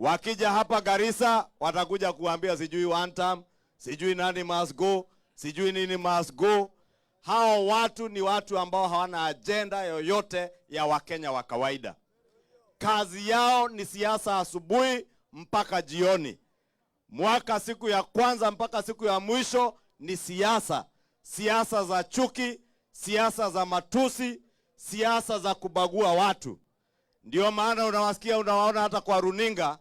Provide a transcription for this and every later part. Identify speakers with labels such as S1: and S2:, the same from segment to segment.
S1: Wakija hapa Garissa watakuja kuambia sijui one term, sijui nani must go, sijui nini must go. Hao watu ni watu ambao hawana ajenda yoyote ya Wakenya wa kawaida. Kazi yao ni siasa asubuhi mpaka jioni. Mwaka siku ya kwanza mpaka siku ya mwisho ni siasa, siasa za chuki, siasa za matusi, siasa za kubagua watu. Ndio maana unawasikia unawaona hata kwa runinga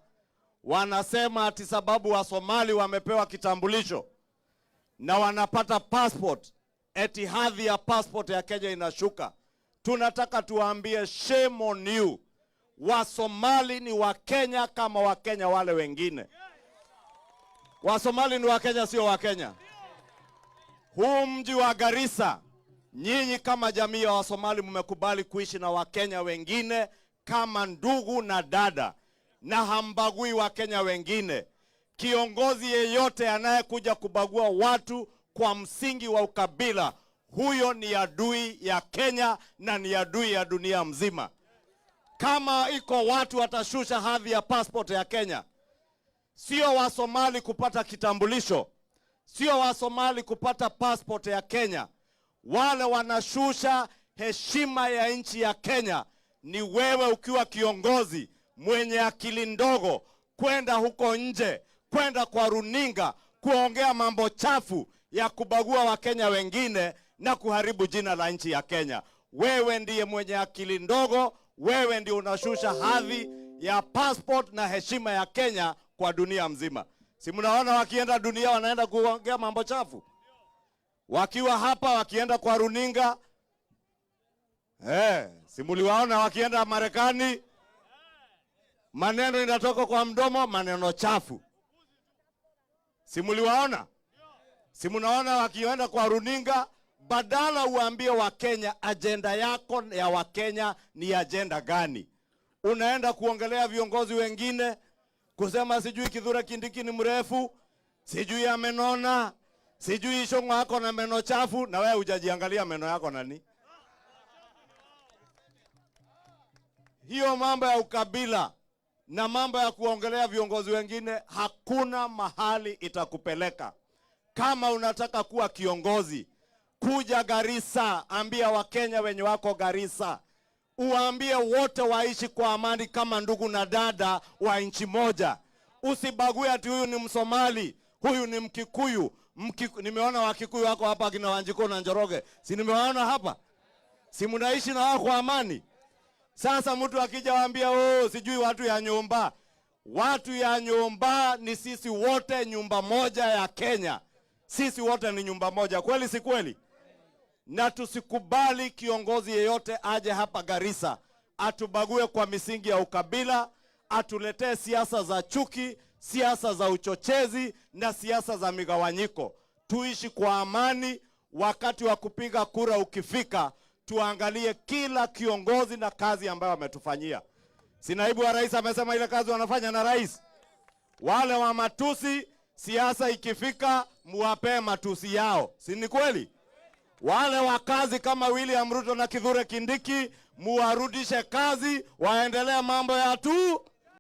S1: wanasema ati sababu Wasomali wamepewa kitambulisho na wanapata passport, eti hadhi ya passport ya Kenya inashuka. Tunataka tuwaambie shame on you. Wasomali ni Wakenya kama Wakenya wale wengine. Wasomali ni Wakenya, sio Wakenya. Huu mji wa Garissa, nyinyi kama jamii ya Wasomali mmekubali kuishi na Wakenya wengine kama ndugu na dada na hambagui wa kenya wengine. Kiongozi yeyote anayekuja kubagua watu kwa msingi wa ukabila, huyo ni adui ya Kenya na ni adui ya dunia mzima. Kama iko watu watashusha hadhi ya passport ya Kenya, sio Wasomali kupata kitambulisho, sio Wasomali kupata passport ya Kenya. Wale wanashusha heshima ya nchi ya Kenya ni wewe ukiwa kiongozi mwenye akili ndogo kwenda huko nje, kwenda kwa runinga kuongea mambo chafu ya kubagua Wakenya wengine na kuharibu jina la nchi ya Kenya. Wewe ndiye mwenye akili ndogo, wewe ndiye unashusha hadhi ya passport na heshima ya Kenya kwa dunia mzima. Si mnaona wakienda dunia wanaenda kuongea mambo chafu, wakiwa hapa wakienda kwa runinga eh, si mliwaona wakienda Marekani maneno inatoka kwa mdomo, maneno chafu. Si mliwaona? Si mnaona wakienda kwa runinga? Badala uambie Wakenya ajenda yako ya Wakenya ni ajenda gani, unaenda kuongelea viongozi wengine kusema sijui Kithure Kindiki ni mrefu, sijui amenona, sijui Shong'o yako na meno chafu, na wewe hujajiangalia meno yako nani? Hiyo mambo ya ukabila na mambo ya kuongelea viongozi wengine, hakuna mahali itakupeleka. Kama unataka kuwa kiongozi, kuja Garissa, ambia Wakenya wenye wako Garissa, uwaambie wote waishi kwa amani kama ndugu na dada wa nchi moja. Usibague ati huyu ni Msomali, huyu ni Mkikuyu. Mkiku, nimeona Wakikuyu wako hapa kina Wanjiko na Njoroge, si nimewaona hapa, si mnaishi na wao kwa amani? Sasa mtu akija waambia oh, sijui watu ya nyumba, watu ya nyumba ni sisi wote, nyumba moja ya Kenya. Sisi wote ni nyumba moja, kweli si kweli? Na tusikubali kiongozi yeyote aje hapa Garissa atubague kwa misingi ya ukabila, atuletee siasa za chuki, siasa za uchochezi na siasa za migawanyiko. Tuishi kwa amani. Wakati wa kupiga kura ukifika tuangalie kila kiongozi na kazi ambayo ametufanyia Si naibu wa rais amesema ile kazi wanafanya na rais. Wale wa matusi, siasa ikifika, muwapee matusi yao, si ni kweli? Wale wa kazi kama William Ruto na Kithure Kindiki, muwarudishe kazi, waendelee mambo ya tu